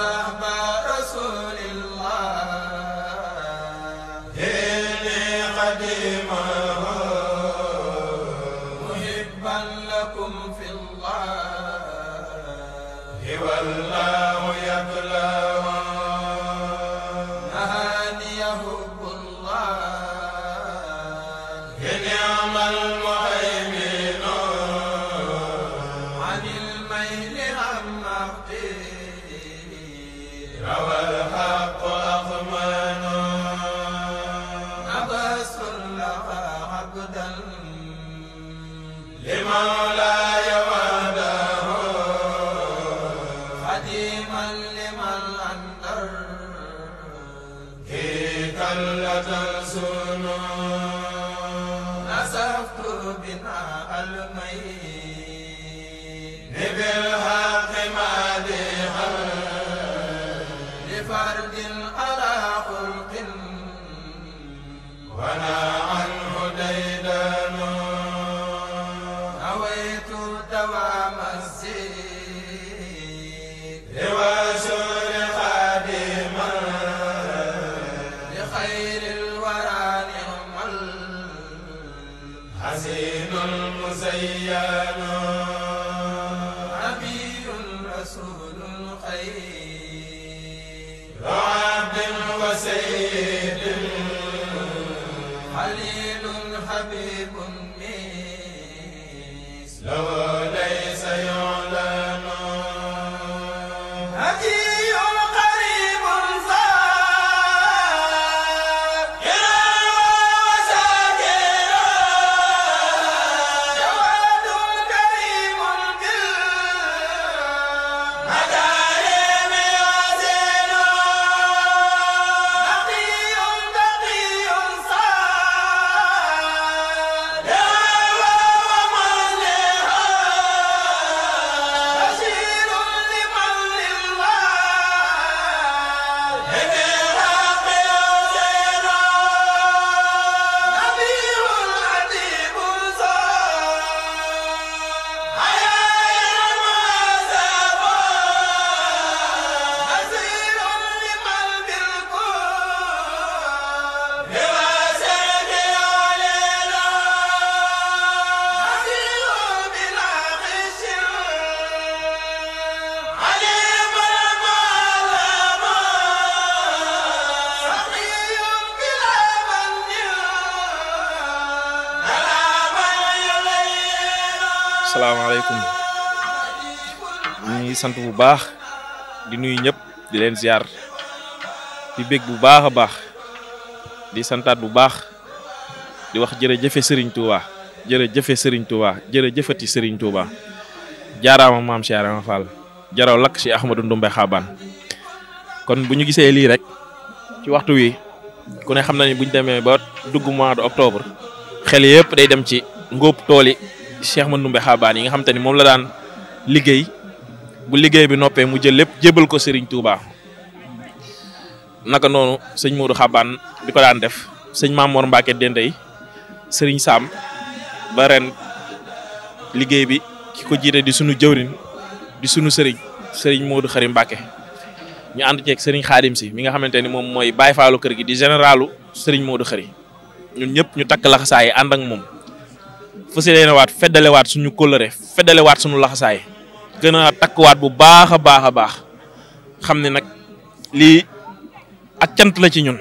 صحبه لفظت بنا المي asalaamaaleykum ñu ngi sant bu baax di nuyu ñëpp di leen ziar di bég bu baax a baax di santaat bu baax di wax jërëjëfe Serigne sëriñ jërëjëfe jër Touba jërëjëfati Serigne Touba jaaraama maam Cheikh Rama Fall jaraw lakk si Ahmadou Ndumbe Xaabaan kon bu ñu gisee lii rek ci waxtu wi ku ne xam na ni bu ñu demee ba dugg mois de octobre xel yëpp day dem ci ngóob tool Cheikh Mandoumbe Xaabaan yi nga xam te ni moom la daan liggéey bu liggéey bi noppee mu jël lépp jébal ko Serigne Touba naka noonu sëñ Modou Xaabaan di ko daan def sëñ Mamour Mbacke Dendey sëriñ saam ba ren liggéey bi ki ko jiite di sunu jëwrin di sunu sëriñ sëriñ Modou Xarim Mbacke ñu ànd ceeg Serigne Xaadim si mi nga xamante ni moom mooy Baye Fallou kër gi di généralu sëriñ Modou Xari ñun ñëpp ñu takk laxasaay ànd ak moom. fas yéene waat feddalewaat suñu kóllëre waat suñu laxasaay gën a takkuwaat bu baax a baax a baax xam ne nag lii ak cant la ci ñun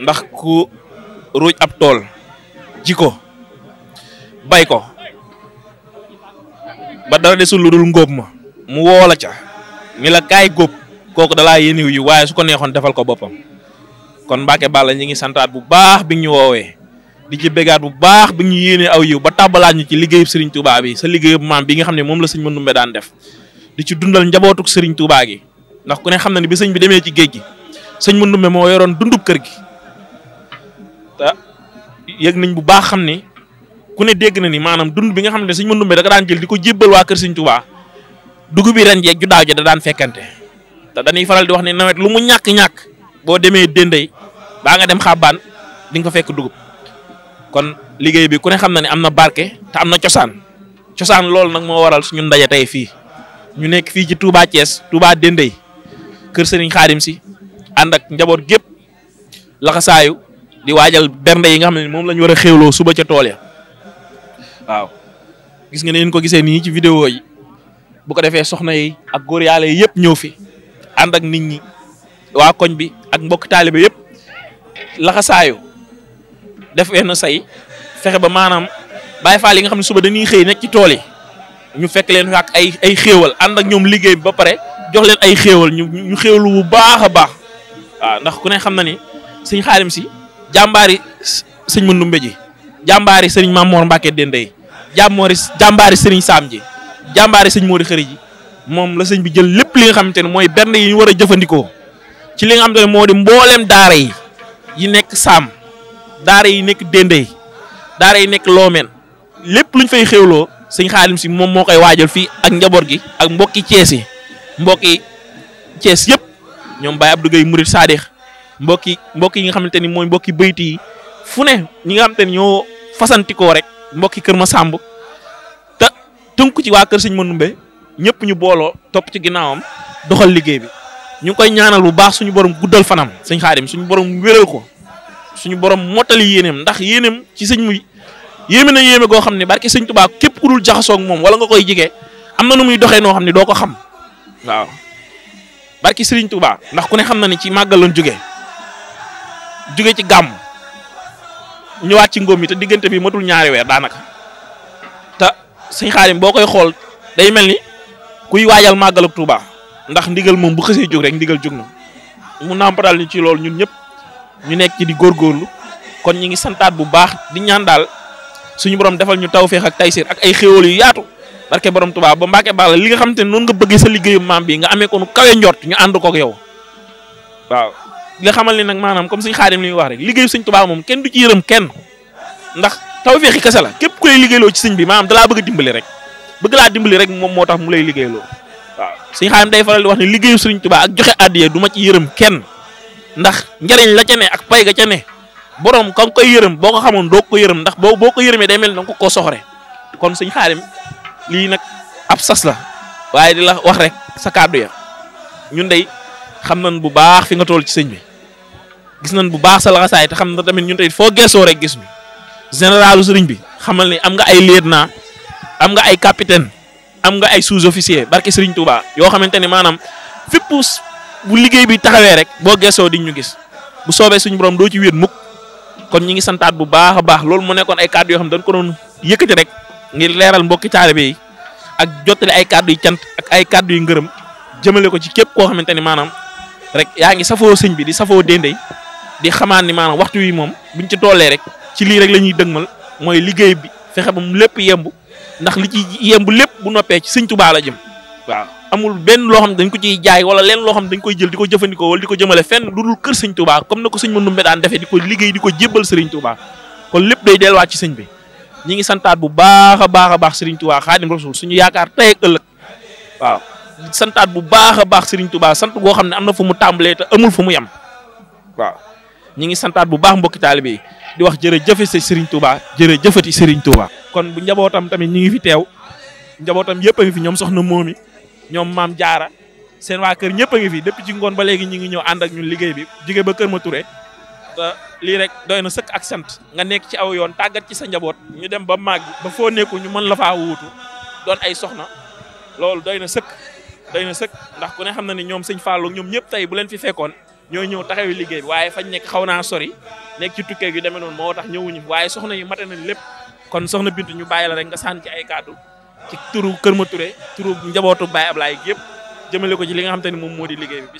ndax ku ruuj ab tool ji ko bay ko ba dara desul lu dul ngóob ma mu woola ca ni la kaay góob kooku dalaa yéeniw yi waaye su ko neexoon defal ko boppam kon Mbacke Balla ñi ngi santaat bu baax bi ñu woowee di ci bégaat bu baax bi ñu yéenee aw yiw ba tàbbalaat ñu ci liggéeyub sëriñ Touba bi sa liggéeyub maam bi nga xam ne moom la sëñ Mandumbe daan def di ci dundal njabootuk sëriñ Touba gi ndax ku ne xam na ni bi sëñ bi demee ci géej gi sëñ Mandumbe moo yoroon dundub kër gi te yëg nañ bu baax xam ne ku ne dégg na ni maanaam dund bi nga xam ne sëñ Mandumbe da daan jël di ko jébbal waa kër Serigne Touba dugub bi ren jeeg ju daaw ja da daan fekkante dañuy faral di wax ne nawet lu mu ñàkk-ñàkk boo demee dénday baa nga dem xàbbaan di nga ko fekk dugub kon liggéey bi ku ne xam na ne am na barke te am na cosaan cosaan loolu nag moo waral suñu ndaje tey fii ñu nekk fii ci Touba Thiès Touba Dendey kër Serigne Khadim si ànd ak njaboot gépp laxasaayu di waajal bernde yi nga xam ne moom lañu ñu war a xéwloo suba ca tool ya waaw gis nga neen ko gisee nii ci vidéo yi bu ko defee soxna yi ak góor yàlla yi yëpp ñëw fi ànd ak nit ñi waa koñ bi ak mbokk taalibe yëpp laxasaayu def benn say fexe ba maanaam bàyyi faal yi nga xam ne suba dañuy xëy nekk ci tool yi ñu fekk leen ak ay ay xéewal ànd ak ñoom liggéey ba pare jox leen ay xéewal ñu ñu xéewalu bu baax a baax waaw ndax ku ne xam na ni sëñ xaalim si jàmbaari sëñ ma Mandumbe ji sëñ sëriñ Mamoor Mbàkke Dendey jàmmoori jàmbaari sëriñ Saam ji jàmbaari sëñ Moori Xëri ji moom la sëñ bi jël lépp li nga xamante ne mooy benn yi ñu war a jëfandikoo ci li nga xamante ne moo di mbooleem daara yi yi nekk Saam daara yi nekk Dendey daara yi nekk Loomeen lépp luñ fay xéwloo sëñ Xaadim si moom moo koy waajal fii ak njaboot gi ak mbokki Cees yi mbokki Cees yëpp ñoom Baye Abdou Gueye Mouride Sadikh mbokki mbokki yi nga xamante ni mooy mbokki bayti yi fu ne ñi nga xamante ni ñoo fasantikoo rek mbokki Kër ma Masàmb te tënku ci waa Kër Sëñ Manumbe ñëpp ñu booloo topp ci ginnaawam doxal liggéey bi ñu ngi koy ñaanal bu baax suñu borom guddal fanam sëñ Xaadim suñu borom wéral ko suñu borom mottali yéeneem ndax yéeneem ci sëñ muy yéeme na yéeme goo xam ne barke sëñ Tuubaa képp ku dul jaxasoo moom wala nga koy jigee am na nu muy doxee noo xam ne doo ko xam waaw barke sëriñ Tuubaa ndax ku ne xam na ne ci màggal lañ jógee jóge ci gàmm ñëwaat ci ngóom yi te diggante bi matul ñaari weer daanaka te sëñ Xaadim boo koy xool day mel ni kuy waajal màggal ak Tuubaa ndax ndigal moom bu xësee jóg rek ndigal jóg na mu nàmpatal ni ci loolu ñun ñëpp. ñu nekk ci di góorgóorlu kon ñu ngi santaat bu baax di ñaan daal suñu borom defal ñu tawféex ak taysir ak ay xéwal yu yaatu barke borom Tuubaa ba Mbàkke baax la li nga xam te ne noonu nga bëggee sa liggéeyu maam bi nga amee ko nu kawe njort ñu ànd kook yow waaw li nag maanaam comme suñ xaadim li wax rek liggéeyu suñ Tuubaa moom kenn du ci yërëm kenn ndax tawféexi kese la képp ku lay liggéeyloo ci sëñ bi maanaam dalaa bëgg dimbali rek bëgg laa dimbali rek moom moo tax mu lay liggéeyloo waaw suñ xaadim day faral di wax ne liggéeyu sëñ Tuubaa ak joxe addiya du ma ci yërëm kenn ndax njariñ la ca ne ak pay ga ca ne borom ka koy yërëm boo ko xamoon doo ko yërëm ndax boo boo ko yërëmee day mel na nga ko soxore kon suñ xaalim lii nag ab sas la waaye di la wax rek sa ñun day xam nañ bu baax fi nga toll ci sëñ bi gis nañ bu baax sa te xam na tamit ñun tey foo geesoo rek gis ñu généralu sëriñ bi xamal ni am nga ay lieutenant am nga ay capitaine am nga ay sous-officier barke sëriñ Touba yoo xamante ni maanaam fépp bu liggéey bi taxawee rek boo gëstoo di ñu gis bu soobee suñu borom doo ci wéet mukk kon ñi ngi santaat bu baax a baax loolu mu nekkoon ay kàddu yoo xam dañ ko doon yëkkati rek ngir leeral mbokki taalibe yi ak jottali ay kàddu yu cant ak ay kàddu yu ngërëm jëmale ko ci képp koo xamante ni maanaam rek yaa ngi safoo sëñ bi di safoo déndey di xamaan ni maanaam waxtu wi moom buñ ci tollee rek ci lii rek la ñuy dëgmal mooy liggéey bi fexe ba mu lépp yemb ndax li ci yemb lépp bu noppee ci sëñ Tuubaa la jëm waaw amul benn loo xam dañ ko ciy jaay wala leen loo xam dañ koy jël di ko jëfandikoo wala di ko jëmale fenn lu dul kër sëñ Touba comme na ko sëñ Mandumbe daan defee di ko liggéey di ko jébbal sëriñ Touba kon lépp day delluwaat ci sëñ bi ñi ngi santaat bu baax a baax a baax sëriñ Touba Xaadim Rasul suñu yaakaar tey ak ëllëg santaat bu baax a baax sëriñ Touba sant goo xam ne am na fu mu tàmbalee te amul fu mu yem waaw ñi ngi santaat bu baax mbokki taalibe yi di wax jërëjëfe sa sëriñ Touba jërëjëfati sëriñ Touba kon bu njabootam tamit ñi ngi fi teew njabootam yëpp a ngi fi ñoom soxna moomi ñoom maam jaara seen waa kër ñëpp a ngi fi depuis ci ngoon ba léegi ñu ngi ñëw ànd ak ñun liggéey bi jóge ba kër ma Touré lii rek doy na sëkk ak sant nga nekk ci aw yoon tàggat ci sa njaboot ñu dem ba màgg ba foo nekku ñu mën la faa wuutu doon ay soxna loolu doy na sëkk doy na sëkk ndax ku ne xam na ni ñoom sëñ Fallou ñoom ñëpp tey bu leen fi fekkoon ñoo ñëw taxawi liggéey bi waaye fañ nekk xaw naa sori nekk ci tukkee yu demee noonu moo tax ñëwuñu waaye soxna yi mate nañ lépp kon soxna Bintu ñu bàyyi la rek nga sànni ci ay kàddu ci turu Kër Ma Touré turu njabootu Baye Ablaye yëpp jëmale ko ci li nga xam te ni moom moo di liggéey bi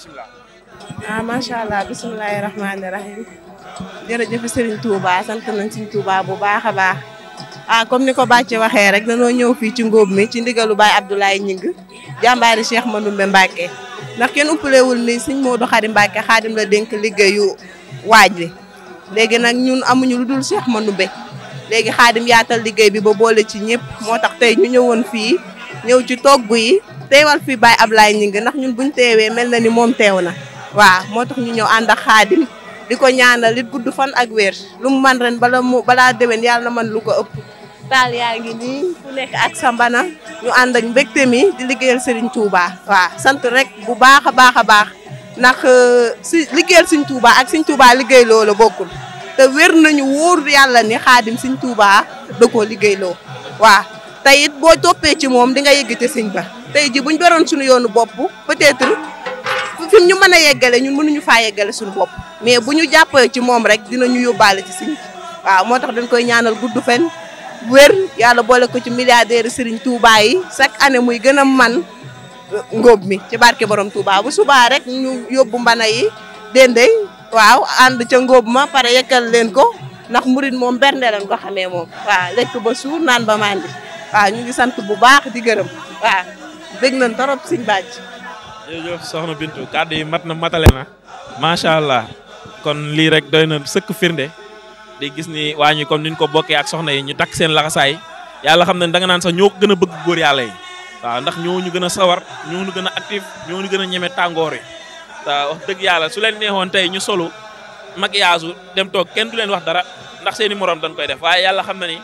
ah macha allah bisimilahi rahmaani rahim jërëjëf Serigne Touba sant nañ Serigne Touba bu baax a baax. ah comme ni ko bàcce waxee rek danoo ñëw fii ci ngóob mi ci ndigalu Baye Abdoulaye Ñing jàmbaari Cheikh Mandoumbe mbaake ndax kenn uppalewul ni Serigne Modou Khary Mbacke xaadim la dénk liggéeyu waaj wi léegi nag ñun amuñu lu dul Cheikh Mandoumbe léegi xaadim yaatal liggéey bi ba boole ci ñëpp moo tax tey ñu ñëwoon fii ñëw ci togg yi teewal fii ab laay Gningue ndax ñun bu ñu teewee mel na ni moom teew na waaw moo tax ñu ñëw ànd ak xaadim di ko ñaanal it gudd fan ak weer lu mu man ren bala mu balaa déwén yàlla na man lu ko ëpp taal yaa ngi nii ku nekk ak sa mbana ñu ànd ak mbégte mi di liggéeyal Serigne Touba waa sant rek bu baax a baax a baax ndax euh, si liggéeyal Serigne Touba ak Serigne Touba liggéey loola bokkul te wér nañu wóor yàlla ni xaadim sëñ Tuubaa da koo liggéeyloo waaw te it boo toppee ci moom di nga yëgg ci sëñ ba tey ji buñ beroon suñu yoonu bopp peut-être fi ñu mën a yeggale ñun mënuñu faa yeggale suñu bopp mais bu ñu jàppee ci moom rek dinañu yóbbaale ci sëñ waaw moo tax dañ koy ñaanal gudd fen wér yàlla boole ko ci milliardaire Serigne Touba yi chaque année muy gën a man ngóob mi ci barke borom Touba bu subaa rek ñu yóbbu mbana yi dende waaw ànd ca ngóob ma pare yekkal leen ko ndax murit moom bernde lañ ko xamee moom waaw lekk ba suur naan ba mandi waaw ñu ngi sant bu baax di gërëm waaw dégg nañ torop siñ bàcc soxna Bintu kàddu yi mat na matale na macha allah kon lii rek doy na sëkk firnde di gis ni waa ñi comme ni ñu ko bokkee ak soxna yi ñu takk seen laxasaay yàlla xam ne danga naan sax ñoo gën a bëgg góor yàlla yi waaw ndax ñoo ñu gën a sawar ñoo ñu gën a actif ñoo ñu gën a ñeme tàngoor yi wax dëgg yàlla su leen neexoon tey ñu solu yaasu dem toog kenn du leen wax dara ndax seen i morom dañ koy def waaye yàlla xam na ni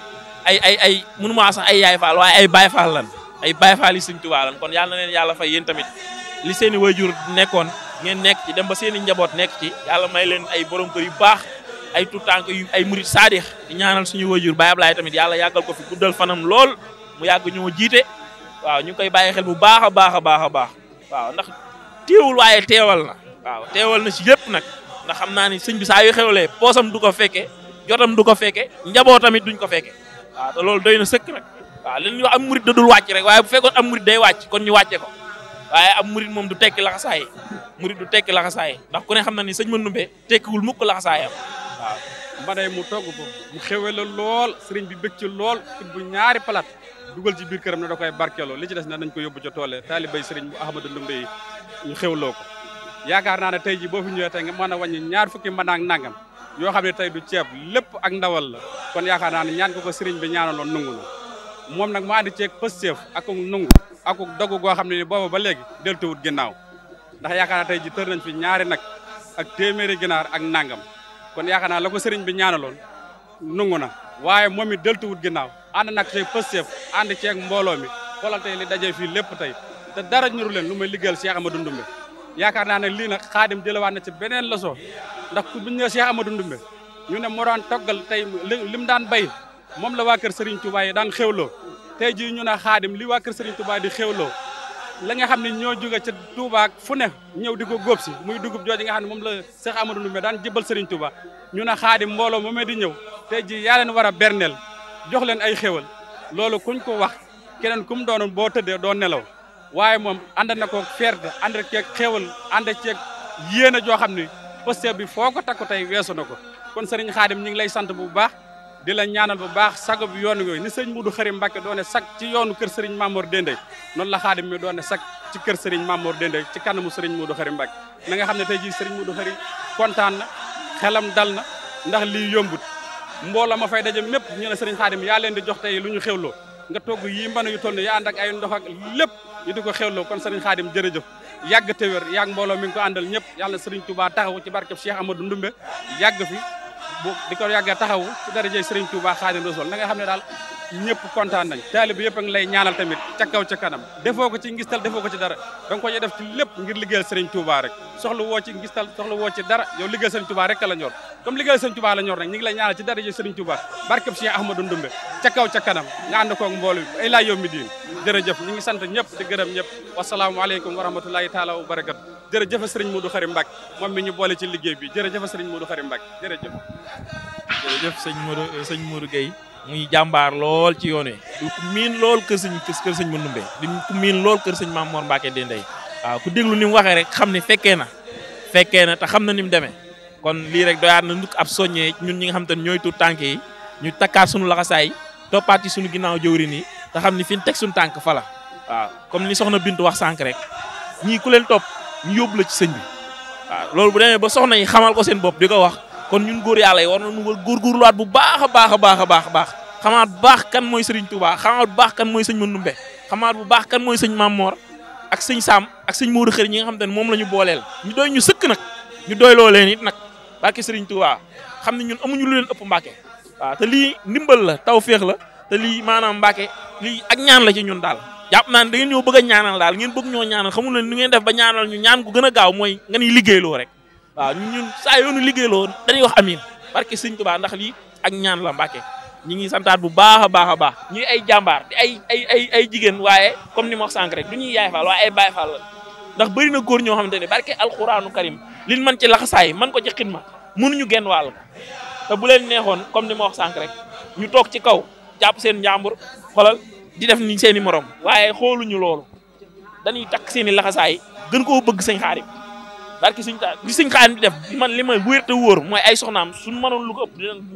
ay ay ay mënuma sax ay yaay faal waaye ay baay faal lan ay baay faal yi Sëñ Tuubaa lan kon yàlla na leen yàlla fay yéen tamit li seen i wayjur nekkoon ngeen nekk ci dem ba seen i njaboot nekk ci yàlla may leen ay borom kër yu baax ay tuutànk yu ay murit saadix di ñaanal suñu wayjur Baay Ablaay tamit yàlla yàggal ko fi guddal fanam lool mu yàgg ñoo jiite waaw ñu ngi koy bàyyi xel bu baax a baax a baax a baax téewul waaye teewal na waaw teewal na si yëpp nag ndax xam naa ni sëñ bi saa xew xewlee poosam du ko fekke jotam du ko fekke njabootamit duñ ko fekke waaw te loolu doy na sëkk nag waaw li ñuy am murit da dul wàcc rek waaye bu fekkoon am murit day wàcc kon ñu wàcce ko waaye am murit moom du tekki laxasaayi murit du tekki laxasaayi ndax ku ne xam na ni sëñ Manumbe tekkiwul mukk laxasaayam waaw mbanay mu togg ko mu xewee la lool sëriñ bi bëgg lool bu ñaari palaat dugal ci biir këram ne da koy barkeeloo li ci des na nañ ko yóbbu ca toole taalibay sëriñ bu Ahmadou Ndumbe yi ñu xewloo ko yaakaar naa ne tey ji boo fi ñëwee nga mën a wàññi ñaar fukki mën ak nangam yoo xam ne tey du ceeb lépp ak ndawal la kon yaakaar naa ne ñaan ko ko sëriñ bi ñaanaloon nungu na moom nag mu àndi ceeg pësteef ak nungu ak dogu goo xam ne ni booba ba léegi deltuwut ginnaaw ndax yaakaar na tey ji tër nañ fi ñaari nag ak téeméeri ginaar ak nangam kon yaakaar la ko sëriñ bi ñaanaloon nungu na waaye moom it deltuwut ginnaaw ànd nag tey pësteef ànd ceeg mbooloo mi xoolal tey li dajee fii lépp tey te dara ñuru leen lu may liggéeyal Cheikh ma Ndoumbé yaakaar naa ne lii nag xaadim jëlawaat na ci beneen leçon ndax ku biñ ne Cheikh Amadou ñu ne moo daan toggal tey li mu daan bay moom la waa kër Serigne Touba yi daan xewloo te jii ñu ne xaadim li waa kër Serigne di xewloo la nga xam ne ñoo jóge ca Touba fu ne ñëw di ko góob si muy dugub jooju nga xam ne moom la Cheikh Amadou Ndoumbé daan jëbal Serigne ñu ne xaadim mbooloo moomee di ñëw te jii yaa leen war a berneel jox leen ay xéwal loolu kuñ ko wax keneen ku mu boo tëddee doo nelaw waaye moom ànd na ko fierté ànd ceeg xéwal ànd ceeg yéen a joo xam ne posté bi foo ko takku tey weesu na ko kon sëriñ xaadim ñu ngi lay sant bu baax di la ñaanal bu baax sago bi yoon yooyu ni sëñ Mudu Xarim mbake doone sag ci yoonu kër sëriñ Mamour Dendey noonu la xaadim mi doone sag ci kër sëriñ Mamour Dendey ci kanamu sëriñ Mudu Xarim Mbàkke na nga xam ne tey jii sëriñ Mudu Xarim kontaan na xelam dal na ndax lii mbooloo ma fay daje mépp ñu ne sëriñ xaadim yaa leen di jox tey lu ñu xewloo nga togg yii mën yu toll ni yaa ànd ay ndox ak lépp ñu di ko xewloo kon sëriñ xaadim jërëjëf yàgg te wér mbooloo mi ngi ko àndal ñëpp yàlla na sëriñ Touba taxawu ci barkeb Cheikh Amadou Ndumbe yàgg fi bu di ko yàggee taxawu ci darajey sëriñ Touba xaadim rasul na nga xam ne daal ñëpp kontaan nañ taalibe yëpp a ngi lay ñaanal tamit ca kaw ca kanam defoo ko ci ngistal defoo ko ci dara da nga ko def ci lépp ngir liggéeyal Serigne Touba rek soxla woo ci ngistal soxla woo ci dara yow liggéeyal Serigne Touba rek la ñor comme liggéeyal Serigne Touba la ñor nag ñu ngi lay ñaanal ci dara ji Serigne Touba barkeb Cheikh Ahmadou Ndumbe ca kaw ca kanam nga ànd koog mboolu ay laa yow mi diin jërëjëf ñu ngi sant ñëpp di gërëm ñëpp wasalaamualeykum wa rahmatulahi taala wa barakatu jërëjëf Serigne Modou Khary Mbacké moom mi ñu boole ci liggéey bi jërëjëf Serigne Modou Khary Mbacké jërëjëf jërëjëf sëñ Modou sëñ Modou Gueye muy jàmbaar lool ci yoon wi di ku miin lool kër sëñ kër sëñ Mandoumbe di ku miin lool kër ma Maam Mor Mbacke Dendey waaw ku déglu ni mu waxee rek xam ne fekkee na fekkee na te xam na ni mu demee kon lii rek doyaat na ndukk ab soññee ñun ñi nga xam te ne ñooy tuut tànk yi ñu takkaat suñu laxasaay toppaat ci suñu ginnaaw jëwrin yi te xam ni fi teg suñu tànk fala la waaw comme ni soxna Bintu wax sànq rek ñii ku leen topp ñu yóbbu ci sëñ bi waaw loolu bu demee ba soxna yi xamal ko seen bopp di ko wax kon ñun góor yàlla yi war nañu war góorgóorluwaat bu baax a baax a baax a baax a baax xamaat bu baax kan mooy sëriñ Touba xamaat bu baax kan mooy sëñ Mandumbe xamaat bu baax kan mooy sëñ Mamor ak sëñ Sam ak sëñ Modou Xër ñi nga xam te ne moom la ñu booleel ñu doy ñu sëkk nag ñu doy loo leen it nag barke sëriñ Touba xam ne ñun amuñu lu leen ëpp Mbàkke waaw te lii ndimbal la taw féex la te lii maanaam Mbàkke lii ak ñaan la ci ñun daal jàpp naa ne da ngeen ñoo bëgg a ñaanal daal ngeen bëgg ñoo ñaanal xamul leen nu ngeen def ba ñaanal ñu ñaan gu gën a gaaw mooy nga ni liggéeyloo rek waaw ñun saa yoonu liggéey loo dañuy wax amin barke sëñ Tuubaa ndax lii ak ñaan la Mbàkke ñi ngi santaat bu baax a baax a baax ñuy ay jàmbaar ay ay ay ay jigéen waaye comme ni ma wax sànq rek du ñuy yaay faal waaye ay baay faal ndax bëri na góor ñoo xamante ne barke alxuraanu karim liñ mën ci laxasaay man ko ci xidma mënuñu genn wàll te bu leen neexoon comme ni ma wax sànq rek ñu toog ci kaw jàpp seen njàmbur xolal di def ni seeni moroom morom waaye xooluñu lool dañuy takk seen i laxasaay gën koo bëgg sëñ xaarim barki suñ ta li suñ xaalim di def man li may wér mooy ay soxnaam suñ mënoon lu ko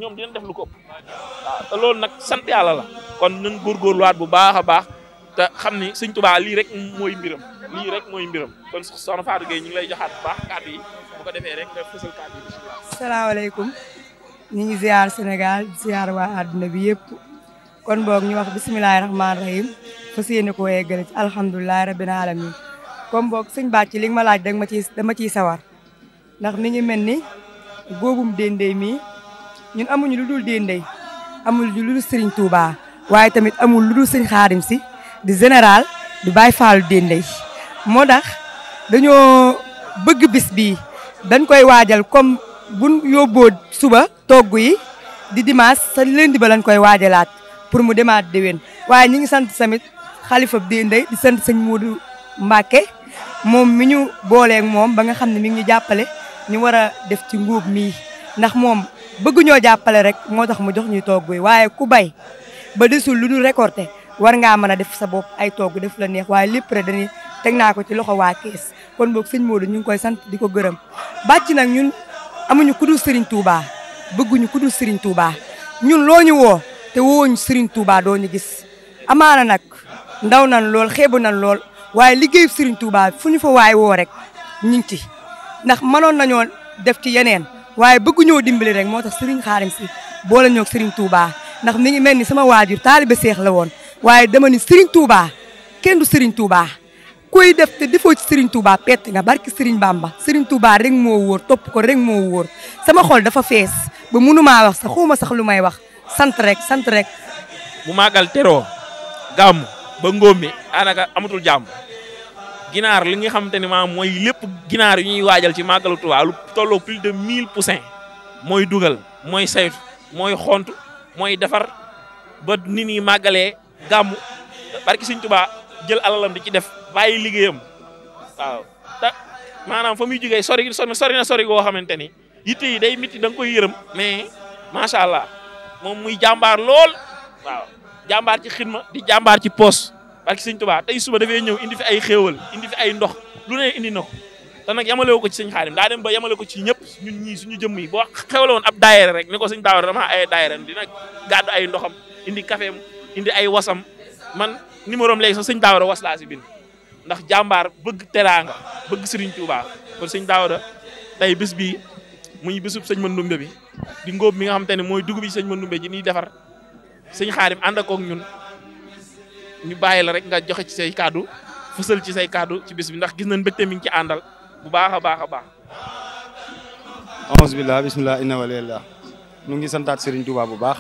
ñoom dinañ def lu ko ëpp waaw te loolu nag sant yàlla la kon nañ góorgóorluwaat bu baax a baax te xam ni suñ tubaa lii rek mooy mbiram lii rek mooy mbiram kon soxna Fatou Gueye ñu ngi lay joxaat bu baax kàddu yi bu ko defee rek nga fësal kàddu yi asalaamaaleykum ñu ngi ziar Sénégal ziar waa àdduna bi yëpp kon boog ñu wax bisimilahi rahmaani rahim fas yéene ko yeggale ci alhamdulilahi rabbil alamin comme boog sëñ bàcc li nga ma laaj dama ciy dama ciy sawar ndax mi ngi mel ni góobum déndéy mii ñun amuñu lu dul déndéy amuñu lu dul sëriñ Touba waaye tamit amul lu dul sëñ xaarim si di général di bay faalu déndéy moo tax dañoo bëgg bis bii dañ koy waajal comme buñ yóbboo suba togg yi di dimanche sa lundi ba lañ koy waajalaat pour mu demaat déwén waaye ñu ngi sant tamit xalifa déndéy di sant moom mi ñu booleeg moom ba nga xam ne mi ngi ñu jàppale ñu war a def ci nguub mii ndax moom bëgg ñoo jàppale rek moo tax mu jox ñuy toog bi waaye ku bay ba desul lu ñu récolté war ngaa mën a def sa bopp ay toog def la neex waaye lépp rek dañuy teg naa ko ci loxo waa kees kon boog sëñ Modou ñu ngi koy sant di ko gërëm bàcc nag ñun amuñu ku dul Serigne Touba bëgguñu ku dul Serigne Touba ñun loo ñu woo te wooñu Serigne Touba doo ñu gis amaana nag ndaw na lool xeebu na lool. waaye liggéeyu Serigne Touba fu ñu fa waay woo rek ñu ngi ci ndax mënoon nañoo def ci yeneen waaye bëgguñoo dimbali rek moo tax Serigne Xaadim si boole ñoo ak Serigne ndax mi ngi mel ni sama waajur taalibe seex la woon waaye dama ni Serigne Touba kenn du Serigne Touba koy def te defoo ci Serigne Touba pett nga barki Serigne Bamba Serigne Touba rek moo wóor topp ko rek moo wóor sama xol dafa fees ba maa wax sax xuma sax lu may wax sant rek sant rek. mu maagal teroo gàmmu ba ngóob mi anaka amatul jàmm ginaar li nga xamante ni maam mooy lépp ginaar yu ñuy waajal ci màggalu Tuubaa lu tolloo plus de 1000 poussin mooy dugal mooy saytu mooy xont mooy defar ba nit ñi màggalee gàmm barki Sëñ Tuubaa jël alalam di ci def bàyyi liggéeyam waaw te maanaam fa muy jógee sori sori na sori goo xamante ni yitte yi day miti da koy yërëm mais macha allah moom muy jàmbaar lool waaw. jàmbaar ci xidma di jàmbaar ci poos barki sëñ Tuubaa tey suba dafay ñëw indi fi ay xéewal indi fi ay ndox lu ne indi na ko te nag yamale ko ci sëñ Xaadim daa dem ba yamale ko ci ñëpp ñun ñii suñu jëmm yi boo xewle woon ab daayira rek ni ko sëñ daawar dama ay daayira dina gàddu ay ndoxam indi caféem indi ay wasam man numéro am léegi sax sëñ daawara was laa si bind ndax jàmbaar bëgg teraanga bëgg sëriñ Tuubaa kon sëñ daawara tey bés bii bisub bésub sëñ Mandumbe bi di ngóob mi nga xam te ne mooy dugub yi sëñ Mandumbe ji niy defar sëñ xaadim ànd ak ñun ñu bàyyi la rek nga joxe ci say kàddu fësal ci say kàddu ci bis bi ndax gis nañ mbégte mi ngi ci àndal bu baax a baax a baax amasbillah bismillah inna walillah ñu ngi santaat Serigne Touba bu baax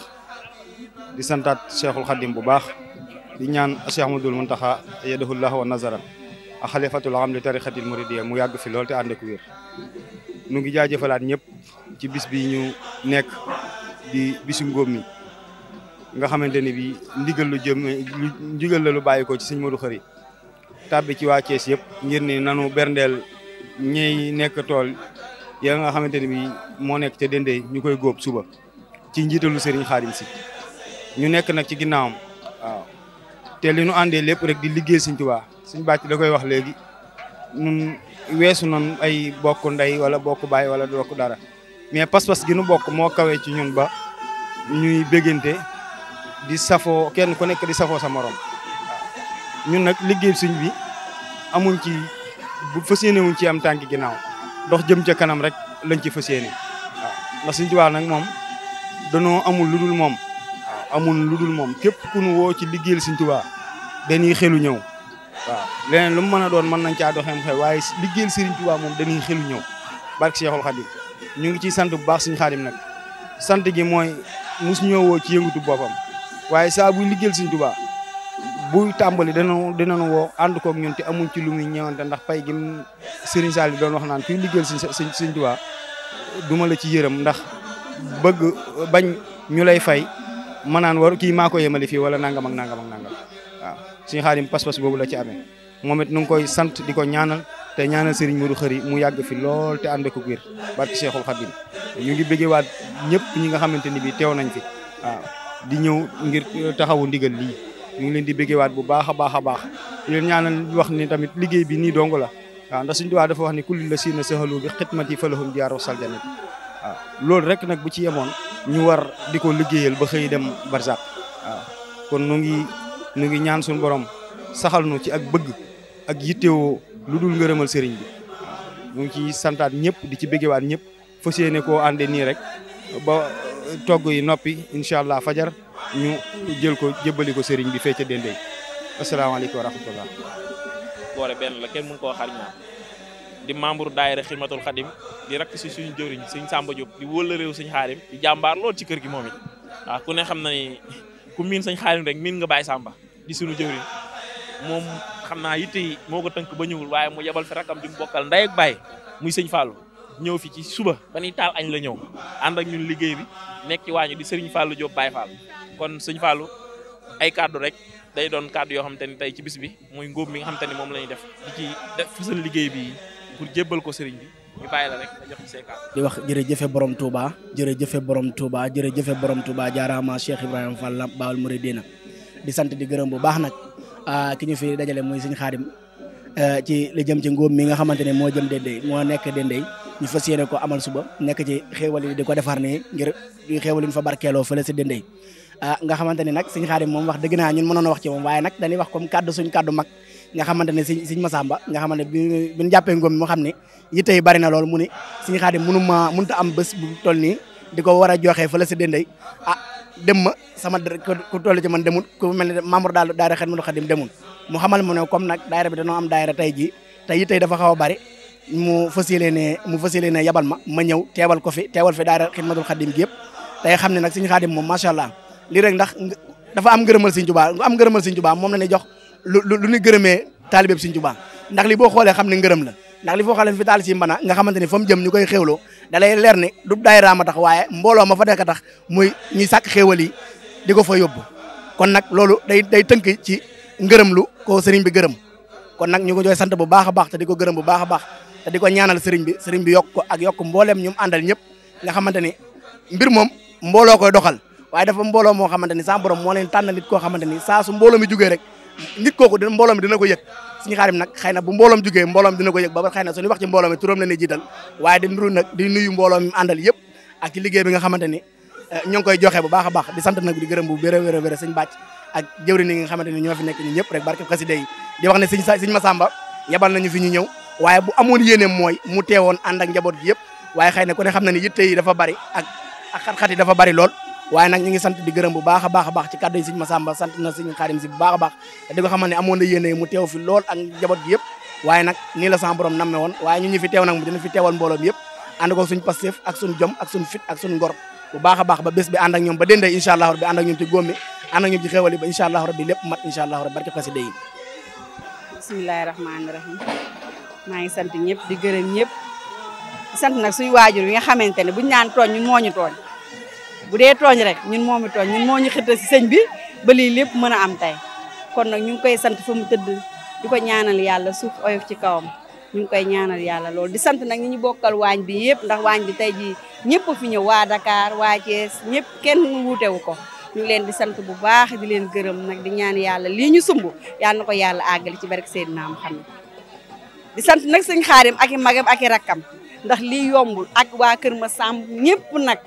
di santaat Cheikhul Khadim bu baax di ñaan mu Cheikh Ahmadoul Mountakha yadahullah wa nazaran a xalifatul am li tarixatil muridiyya mu yàgg fi lool te ànd ak wér ñu ngi jaajëfalaat ñëpp ci bis bi ñu nekk di bisu ngóob mi nga xamante ni bii ndigal lu jëm ndigal la lu bàyyi ko ci sëñ Modou Khary tàbbi ci waa Thiès yëpp ngir ni nanu berndeel ñiy nekk tool ya nga xamante ni bii moo nekk ca Dendey ñu koy góob suba ci njiitalu Serigne Khadim si ñu nekk nag ci ginnaawam waaw te li nu àndee lépp rek di liggéey Sëñ Tuubaa suñ bàcc da koy wax léegi nun weesu noonu ay bokk ndey wala bokk baay wala bokk dara mais pas gi nu bokk moo kawee ñun ba ñuy béggante di safo kenn ku nekk di safoo sa morom waaw ñun nag liggéey suñ bi amuñ ci bu fas yéenewuñ ci am tànk ginnaaw dox jëm ca kanam rek lañ ci fas yéene waaw ndax ci wax nag moom danoo amul lu dul moom amul lu dul moom képp ku nu woo ci liggéeyal Sëriñ Tuubaa dañuy xelu ñëw waaw leneen lu mu mën a doon mën nañ caa doxeem xel waaye liggéeyal Sëriñ Tuubaa moom dañuy xelu ñëw barke Seexul Xadim ñu ngi ciy sant bu baax Sëriñ Xadim nag sant gi mooy mus ñëwoo ci yëngutu boppam waaye saa buy liggéeyal Sëñ Tuubaa buy tàmbali dana dinañu woo ànd kook ñun te amuñ ci lu muy ñëwante ndax pay gi Serigne bi doon wax naan kuy liggéeyal Sëñ Sëñ Tuubaa duma la ci yërëm ndax bëgg bañ ñu lay fay ma naan war kii maa ko yemale fii wala nangam ak nangam ak nangam waaw Sëñ Xaadim boobu la ci amee moom it nu ngi koy sant di ko ñaanal te ñaanal Serigne Modou Khari mu yàgg fi lool te ànd ko wér barki Cheikhul Khadim ñu ngi bëggee waat ñëpp ñi nga xamante ni bii teew nañ fi di ñëw ngir taxawu ndigal lii ñu ngi leen di béggewaat bu baax a baax a baax di leen ñaanal wax ni tamit liggéey bi nii dong la waaw ndax suñu tubaab dafa wax ni kulli la siina sahalu bi xidmati falahum jaar wasal janat waaw loolu rek nag bu ci yemoon ñu war di ko liggéeyal ba xëy dem barzak waaw kon nu ngi nu ngi ñaan suñu borom saxal nu ci ak bëgg ak yittewoo lu dul ngërëmal sëriñ bi waaw ngi ci santaat ñëpp di ci béggewaat ñëpp fas yéene koo àndee nii rek togg yi noppi incha allah fajar ñu jël ko jébbali ko sëriñ bi fecca dendey asalaamaaleykum wa rahmatullah boole benn la kenn mën koo xar di membre daayira xidmatul xadim di rakk si suñu jëriñ suñ Samba Diop di wóla réew suñ xaarim di jàmbaar lool ci kër gi moom it ku ne xam na ni ku miin sañ xaarim rek miin nga bàyyi Samba di suñu jëriñ moom xam naa yitte yi moo ko tënk ba ñëwul waaye mu yebal fi rakam di mu bokkal ndey bay bàyyi muy sëñ Fallou ñëw fi ci suba ba ñuy taal nekk ci waañu di Serigne Fallou Diop Baye Fall kon Serigne Fallou ay kàddu rek day doon kàddu yoo xam te tey ci bis bi muy ngóob mi nga xam te ni moom la def di ci liggéey bi pour jébbal ko sëriñ bi ñu bàyyi la rek nga jox ci say di wax jërëjëfe borom Touba jërëjëfe borom Touba jërëjëfe borom Touba jaaraama Cheikh Ibrahima Fall Baol Mouridina di sant di gërëm bu baax nag ah, ki ñu dajale muy Serigne Khadim Euh, ci li jëm ci ngóob mi nga xamante ne moo jëm dendey moo nekk dendey ñu fas yéene ko amal suba nekk ci xéewal yi di ko defar nii ngir xéewal yi ñu fa barkeeloo fële si dendey ah nga xamante ne nag sëñ moom wax dëgg naa ñun mënoon a wax ci moom waaye nag dañuy wax comme kaddu suñ kaddu mag nga xamante ne sëñ sëñ nga xamante ne bi bi ñu jàppee ngóob mi moo xam ne yitte yi bari na lool mu ni sëñ Xaadim mënuma mënut a am bés bu toll nii di ko war a joxee fële si dendey ah dem ma sama ku toll ci man demul ku mel ne Mamour daal mu xamal mu ne comme nag daayira bi dañoo am daayira tey jii tey dafa xaw a bari mu fas yéene mu fas yéene yabal ma ma ñëw teewal ko fi teewal fi daayira ma xadim gi yëpp tey xam ne nag suñu xaadim moom macha allah lii rek ndax dafa am ngërëmal Sëriñ Tuubaa am ngërëmal Sëriñ Tuubaa moom la ne jox lu lu ñu gërëmee taalibeeb Sëriñ Tuubaa ndax li boo xoolee xam ne ngërëm la ndax li foo xoolee fi taal si mbana nga xamante ni fa mu jëm ñu koy xéewloo da lay leer ne du daayira ma tax waaye mbooloo ma fa nekk tax muy ñuy xéewal yi di ko fa yóbbu kon ngërëm lu ko sëriñ bi gërëm kon nag ñu ko jooy sant bu baax a baax te di ko gërëm bu baax a baax ko ñaanal sëriñ bi sëriñ bi yokk ko ak yokk mbooleem ñum àndal ñëpp xamante ni mbir moom mbooloo koy doxal waaye dafa mbooloo moo xamante ni saa borom moo leen tànn nit xamante ni saa su mbooloo mi jugee rek nit kooku dina mbooloo mi dina ko yëg suñu xaarim nag xëy na bu mboolom jugee mbooloom dina ko yëg ba xëy na suñu wax ci mbooloo mi turam la ne jiital waaye di nuru nag di nuyu mbooloo yëpp ak ci liggéey bi nga xamante ni eh, ñoo ngi koy joxe bu baax a baax di sant nag di gërëm bu béré wéré wéré sëñ bàcc ak jëwriñ yi nga xamante ni ñoo fi nekk ñu ñëpp rek barke xasida yi di wax ne sëñ sëñ Masamba yabal nañu fi ñu ñëw waaye bu amoon yéene mooy mu teewoon ànd ak njaboot gi yëpp waaye xëy na ku ne xam na ni yitte yi dafa bari ak ak lool waaye nag ñu ngi sant di gërëm bu baax a baax a baax ci kàddu yi sëñ Masamba sant na sëñ a baax di ko xamal ne amoon na yéene mu teew fi lool ak njaboot ñu ñu fi teew nag mu dina fi teewal mbooloom yëpp ànd ko suñ Pastef ak suñ a ba bés bi ànd ak ñoom ba déndee incha allah bi ànd ak ñoom ci góomi ànd ak ñoom ci xéwal yi ba incha allah rabbi lépp mat incha allah rabbi barke xasida yi bismillahi rahmaani rahim maa ngi sant ñëpp di gërëm ñëpp sant nag suñu waajur yi nga xamante ne buñu naan tooñ ñun moo ñu tooñ bu dee tooñ rek ñun moo ñu tooñ ñun moo ñu xirta si sëñ bi ba lii lépp mën a am tey kon nag ñu koy sant fa mu tëdd di ko ñaanal yàlla suuf oyof ci kawam ñu ngi koy ñaanal yàlla loolu di sant nag ñu ñu bokkal waañ bi yëpp ndax waañ bi tey jii ñëpp fi ñëw waa dakaar waa Thiès ñëpp kenn wuutewu ko ñu leen di sant bu baax di leen gërëm nag di ñaan yàlla lii ñu sumb yàlla na ko yàlla àggali ci barke Seydina Muhammad di sant nag sëñ Xaadim ak i magam ak i rakkam ndax lii yombu ak waa Kër Masamba ñëpp nag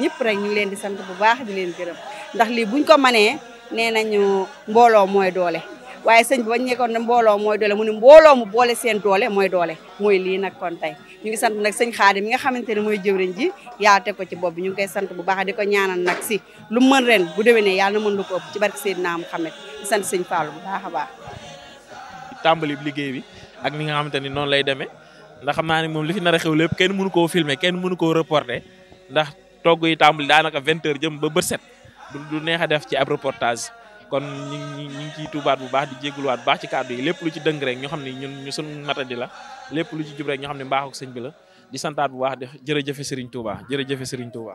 ñëpp rek ñu leen di sant bu baax di leen gërëm ndax lii buñ ko manee nee nañu mbooloo mooy doole waaye sëñ bi bañ ne ko mbooloo mooy doole mu ne mbooloo mu boole seen doole mooy doole mooy lii nag kon tey ñu ngi sant nag sëñ Xaadim mi nga xamante ne mooy jëwriñ ji yaa teg ko ci bopp bi ñu ngi koy sant bu baax a di ko ñaanal nag si lu mën ren bu déwénee yàlla na mën lu ko ëpp ci barke Seydina Muhammad di sant sëñ Fallu bu baax a baax tàmbali liggéey bi ak ni nga xamante ni noonu lay demee ndax xam naa ne moom li fi nar a xew lépp kenn mënu koo filmer kenn mënu koo reporter ndax togg yi tàmbali daanaka vingt jëm ba bët neex a def ci ab kon ñu ngi ñu ngi ciy tuubaat bu baax di jégaluwaat bu baax ci kàddu yi lépp lu ci dëng rek ñu xam ne ñun ñu suñ di la lépp lu ci jub rek ñu xam ne mbaaxu sëñ bi la di santaat bu baax di jërëjëfe Serigne Touba jërëjëfe Serigne Touba